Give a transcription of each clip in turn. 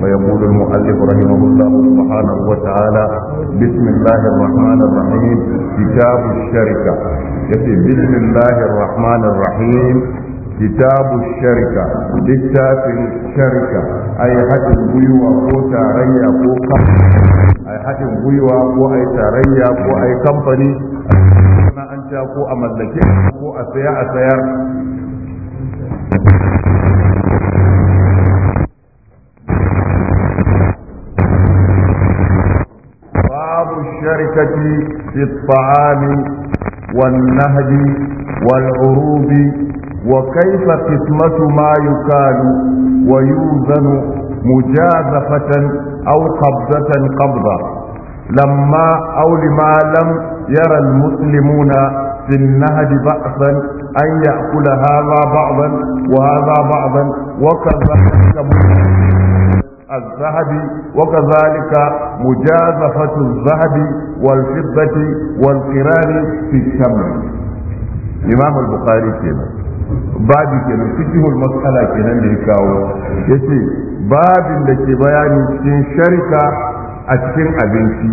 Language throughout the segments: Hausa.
فيقول المؤلف رحمه الله سبحانه وتعالى بسم الله الرحمن الرحيم كتاب الشركة يقول بسم الله الرحمن الرحيم كتاب الشركة كتاب الشركة أي حد بيوا قوة ريا قوة أي حد أي قوة ريا أي كمباني أنت قوة ملكية قوة سياء سيار البركة في الطعام والنهج والعروض وكيف قسمة ما يكال ويوزن مجازفة أو قبضة قبضة لما أو لما لم يرى المسلمون في النهج بأسا أن يأكل هذا بعضا وهذا بعضا وكذا الذهب وكذلك مجازفة الذهب والفضة والقران في الشمس الإمام البخاري كده babi kenan fikihul mas'ala kenan da kawo yace babin da ke bayani cikin sharika a cikin abinci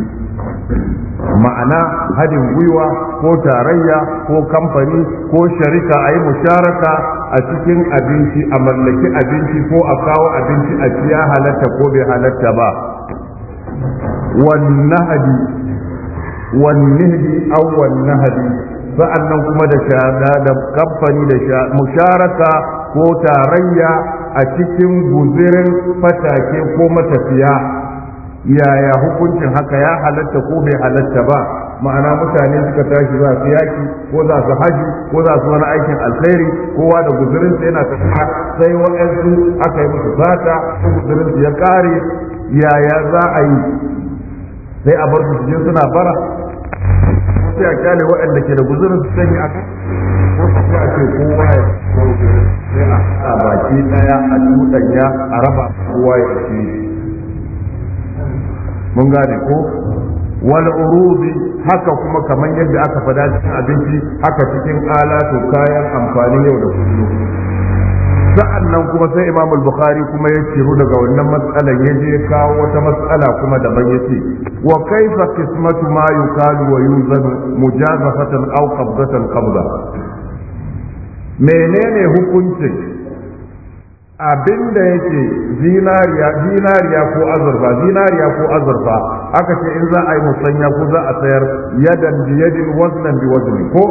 ma'ana hadin gwiwa ko tarayya ko kamfani ko sharika a yi musharaka a cikin abinci a mallaki abinci ko a kawo abinci a ciya halatta ko bai halatta ba wannahadi wannihdi aw wannahadi sa'annan kuma da shada da kamfani da musharaka ko tarayya a cikin guzirin fatake ko matafiya yaya hukuncin haka ya halatta ko bai halatta ba ma'ana mutane suka tashi za su yaki ko za su haji ko za su wani aikin alkhairi kowa da guzurin sa yana ta sai wa'ansu aka yi musu zata ko guzurin ya kare yaya za a yi sai a bar su je suna bara sai a kyale wa'anda ke da guzurin su sanya a sai a ce kowa ya sai a baki daya a dudanya a raba kowa ya ce mun gane ko wal urudi haka kuma kamar yadda aka fada cikin abinci haka cikin alatu kayan amfani yau da kullum nan kuma sai imam al-bukhari kuma ya ciro daga wannan matsalan ya je kawo wata matsala kuma da daban yace wa kaifa qismatu ma yuqalu wa yuzanu mujazafatan aw qabdatan qabda menene hukuncin abin da yake zinariya zinariya ko azurfa zinariya ko azurfa aka ce in za a yi musanya ko za a sayar yadan bi yadin wannan bi ko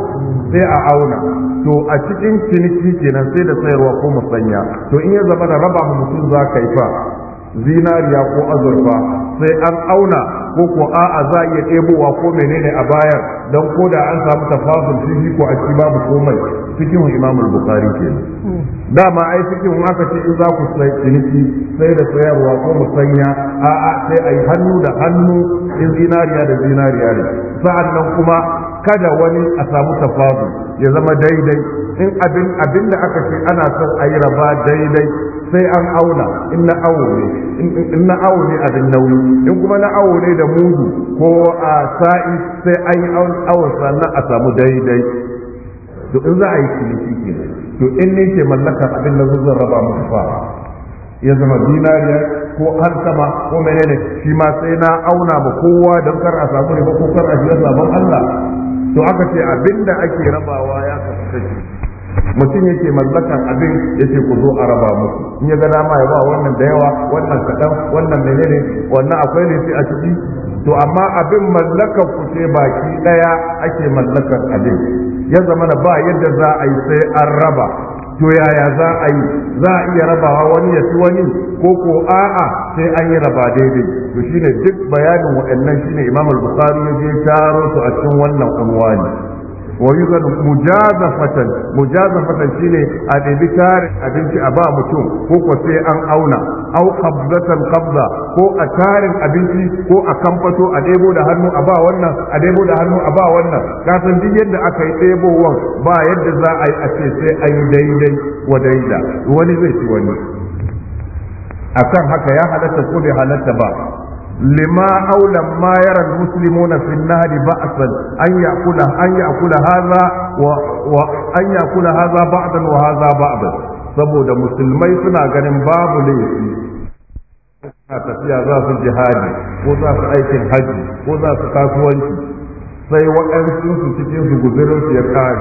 sai a auna to a cikin ciniki kenan sai da sayarwa ko musanya to in ya zama da raba mutum za ka yi fa zinariya ko azurfa sai an auna ko ko a'a za a iya ɗebowa ko menene a bayar don ko da an samu tafasul shi ko a ci babu komai fikihun imam al-bukhari kenan dama ai fikihun aka ce in za ku sai ciniki sai da sayarwa ko musanya a a sai ai hannu da hannu in zinariya da zinariya ne sa'an nan kuma kada wani a samu tafadu ya zama daidai in abin abin da aka ce ana son a yi raba daidai sai an auna in na awo ne abin nauyi in kuma na awo ne da mudu ko a sa'i sai an yi awon sannan a samu daidai to in za a yi ciniki ke, to in ne ke mallakar abin da zan raba muku fa ya zama zinariya ko har sama ko menene shi ma sai na auna ba kowa don kar a samu ba ko kar a shiga sabon Allah to aka ce abin da ake rabawa ya kasance mutum yake mallakan abin yake ku zo a raba mu. in ya ga dama ya ba wannan da yawa wannan kaɗan wannan menene wannan akwai ne sai a ciki to amma abin mallakan ku ce baki ɗaya ake mallakan abin ya zama ba yadda za a yi sai an raba to yaya za a yi za a iya rabawa wani ya ci wani ko ko a'a sai an yi raba daidai to shine duk bayanin waɗannan shine imam al-bukhari ya je taro su a cikin wannan unwani wa yi mujazafatan mujazafatan shine a ɗabi tarin abinci a ba mutum ko ko sai an auna au qabzatan qabza ko a tarin abinci ko a kamfato a ɗebo da hannu a ba wannan a ɗebo da hannu a ba wannan ka duk yadda aka yi ɗebowan ba yadda za a yi a ce sai a yi daidai wa daida wani zai ci wani akan haka ya halatta ko bai halatta ba لما أو لما يرى المسلمون في النهر بأسا أن يأكل أن يأكل هذا وأن يأكل هذا بعضا وهذا saboda musulmai suna ganin babu laifi suna tafiya za su jihadi ko za su aikin hajji, ko za su kasuwanci sai waɗansu su cikin su guzurin su ya kare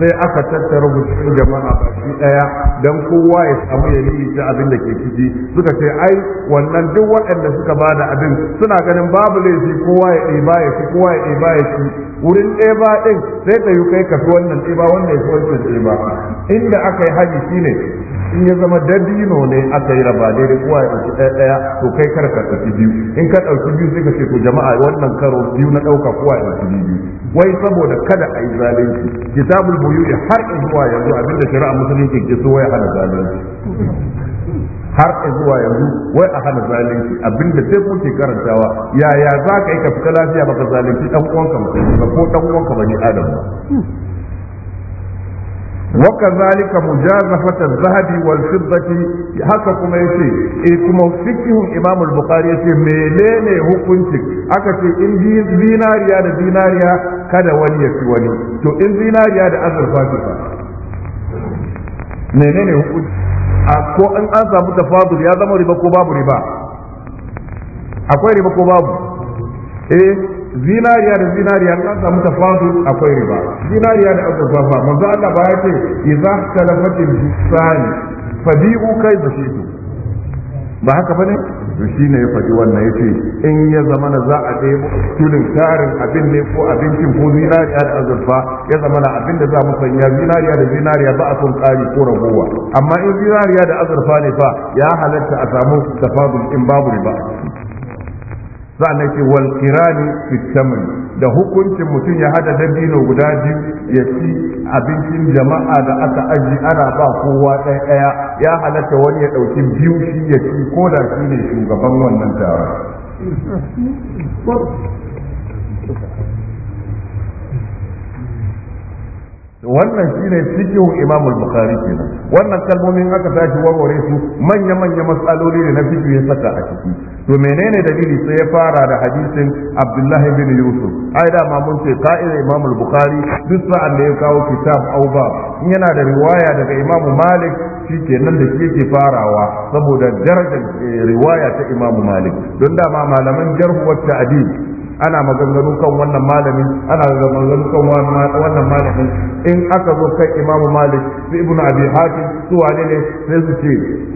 sai aka tattara mutum jama'a baki daya dan kowa ya samu ya yi ta abin da ke ciki suka ce ai wannan duk waɗanda suka ba da abin suna ganin babu laifi kowa ya ɗeba ya ci kowa ya ɗeba ya ci wurin ɗeba ɗin sai ka yi kai fi wannan ɗeba wannan ya ci wancan ɗeba inda aka yi haji shine in ya zama dadino ne aka yi raba daidai kowa ya ɗauki ɗaya ɗaya to kai kar ka ɗauki biyu in ka ɗauki biyu sai ka ce to jama'a wannan karo biyu na ɗauka kowa ya ɗauki biyu wai saboda kada a yi zalunci kitabul buyu'i har in zuwa yanzu abinda shari'a musulunci ke so ya hana zalunci har zuwa yanzu wai a hana zalunci abinda sai ke karantawa yaya za ka yi ka fita lafiya baka zalunci dan uwanka ba ko dan uwanka ni adam ba وكذلك مجازفة الذهب والفضة حتى كما يشي إيه كما فكه إمام البخاري يشي هو هكونتك هكا إن ديناريا دي ديناريا كان ولي ولي تو إن ديناريا دي أذر فاتفة menene هو a أكو أن an samu tafadul ya zama riba ربا أكو riba akwai إيه zinariya da zinariya an samu tafadu akwai riba zinariya da azurfafa manzo Allah ba ya ce idza al hisani fadi'u kai to ba haka bane to shine ya faɗi wannan yace in ya zamana za a ɗebo tulin tarin abin ne ko abincin ko zinariya da azurfa ya zamana abin da za mu sanya zinariya da zinariya ba a son ƙari ko ragowa amma in zinariya da azurfa ne fa ya halatta a samu tafadul in babu riba sa'an ce wal kirani fitamin, da hukuncin mutum ya hada dabino guda biyu ya ci abincin jama'a da aka aji ana ba kowa ɗaya ɗaya ya halatta wani ya ɗauki biyu shi ya ci ko da shi ne shugaban wannan taron wannan shine cikin imamul Bukhari kenan wannan kalmomin aka tashi warware su manya manya matsaloli ne na fito ya saka a ciki to menene dalili sai ya fara da hadisin Abdullahi bin Yusuf ai da ma mun ce ka'ida imamul Bukhari duk sa'an da ya kawo kitab Auba in yana da riwaya daga imamu Malik shi shikenan da shi yake farawa saboda darajar eh, riwaya ta imamu Malik don dama malaman jarhu wacce adi ana maganganu kan wannan malamin ana maganganu kan wannan malamin in aka zo kai imamu malik su ibn abi hatim su wane ne sai su ce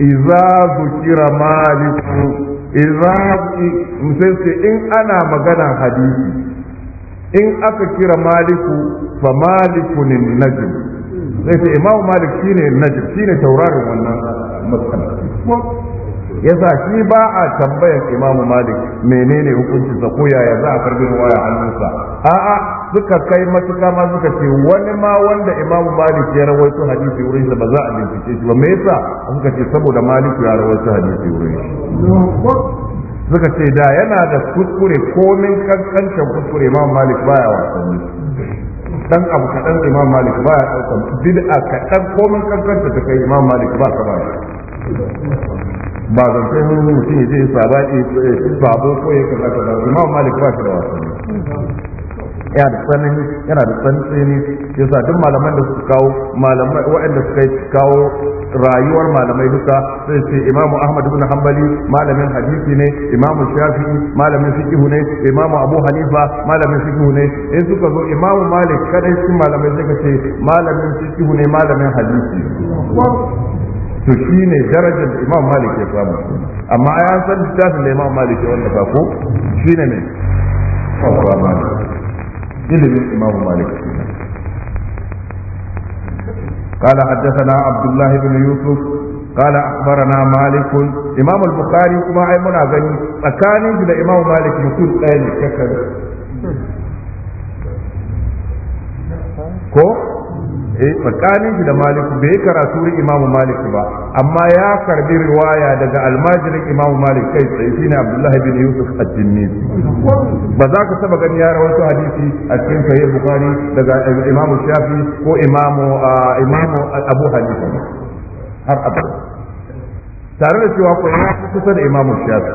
iza zukira malik iza sai su in ana magana hadisi in aka kira maliku fa ne najm sai ce imamu malik shine najm shine tauraron wannan matsala yasa shi ba a tambayan imamu malik menene hukuncin sa ko yaya za a karbi ruwaya hannunsa a'a suka kai matuƙa ma suka ce wani ma wanda imamu malik ya rawaito hadisi wurin da ba za a bincike shi ba me yasa suka ce saboda malik ya rawaito hadisi wurin shi suka ce da yana da kuskure komin kankancin kuskure imam malik baya wasanni dan abu kadan imam malik baya ɗaukan bid'a kadan komin kankanta ta kai imam malik ba ka ba ba zan tsohon mun mutum ya je sabani eh, sabo ko ya kaza kaza imam malik ba shi da wasanni yana da tsanani yana da tsantsini yasa duk malaman da suka kawo malamai waɗanda suka kawo rayuwar malamai duka sai ce Imamu Ahmad ibn Hanbali malamin hadisi ne Imamu Shafi'i malamin fiqh ne imamu Abu Hanifa malamin fiqh ne in suka zo imamu Malik kadai cikin malamai suka ce malamin fiqh ne malamin hadisi to shine darajar da imam malik ya samu amma ai an san littafin da imam malik ya wallafa ko shine ne fatwa malik ilimin imam malik قال حدثنا عبد الله بن يوسف قال اخبرنا مالك امام البخاري كما اي منا غني تكاني الى امام مالك يكون قال كذا ko eh tsakanin shi da malik bai yi karatu ri imam malik ba amma ya karbi riwaya daga almajirin imam malik kai tsaye ne abdullahi bin yusuf ad ba za ka saba gani ya wasu hadisi a cikin sahih bukhari daga imam shafi ko imam imam abu hanifa har a tare da cewa ko ya kusa da imam shafi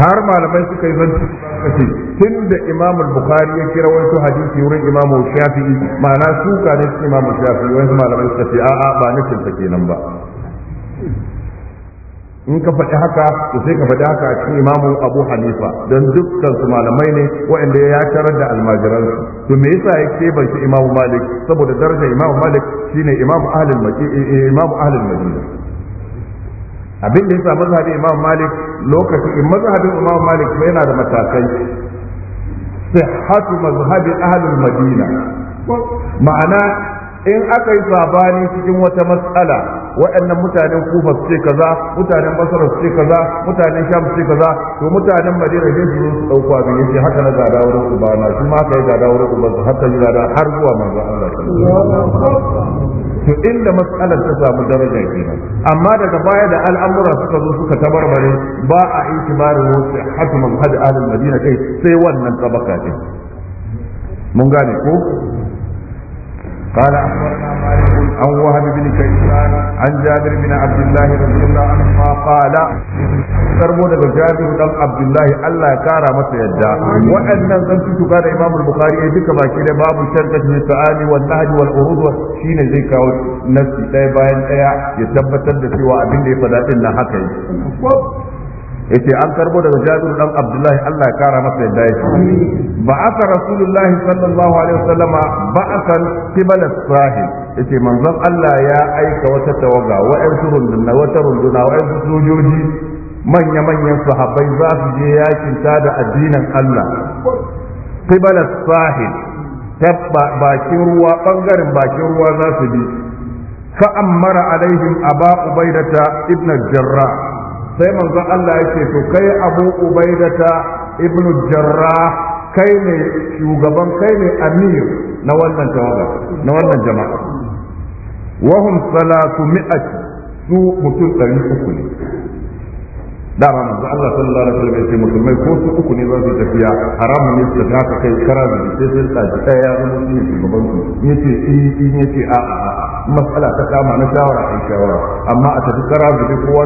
har malamai suka yi zanci aka ce tun da imam bukhari ya kira wani hadisi wurin imam shafi'i ma'ana suka ne cikin imam shafi'i wani malamai suka ce a'a ba nufin ta kenan ba in ka faɗi haka to sai ka faɗi haka a cikin imamu abu hanifa don dukkan su malamai ne waɗanda ya tarar da almajiran to me yasa ya ban shi imamu malik saboda darajar imamu malik shine imamu ahlul madina imamu ahlul madina abin da yasa mazhabi imamu malik lokaci in mazhabin imam malik yana da matakai sihhatu mazhabi ahlul madina ma'ana in aka yi sabani cikin wata matsala waɗannan mutanen kufa su ce kaza mutanen basra su ce kaza mutanen sham su ce kaza to mutanen madina sai su su dauko yace haka na gada wurin ubana kuma ma kai gada wurin ubansa har har zuwa manzo Allah sallallahu alaihi wasallam to inda matsalar ta samu daraja kenan amma daga baya da al'amura suka zo suka tabarbare ba a intibarin wasu hatu manhaj alin madina kai sai wannan tabaka ce mun gane ko قال أخبرنا مالك عن وهب بن كيسان عن جابر بن عبد الله رضي الله عنهما قال ترمون جابر بن عبد الله ألا كار متى يدى وأن زنت قال إمام البخاري يجيك باكي باب شركة السؤال والنهج والعروض شين زيك نفسي لا يباين يتبتد سوى أبن لي فلاتنا حكي yace an karbo daga Jabir dan Abdullahi Allah ya kara masa yadda yake ba'atha Rasulullah sallallahu alaihi wasallama ba'athan qibal as-sahil yace manzon Allah ya aika wata tawaga wa'ansu runduna wata runduna wa'ansu sojoji manya-manyan sahabbai za su je yakin da addinin Allah qibal as-sahil tabba bakin ruwa bangaren bakin ruwa za su bi fa amara alaihim aba ubaidata ibn jarrah sai manzon Allah ya ce to kai Abu Ubaidata ibn Jarrah kai ne shugaban kai ne amir na wannan jama'a na wannan jama'a wahum salatu mi'at su mutum uku ne dama manzo Allah sallallahu alaihi wasallam ce musulmai ko su uku ne za su tafiya haramun ne su ga ka kai kara da sai sai ta ji ya zama shi ne shugaban su yace eh in yace a a a mas'ala ta kama na shawara a shawara amma a tafi kara da kowa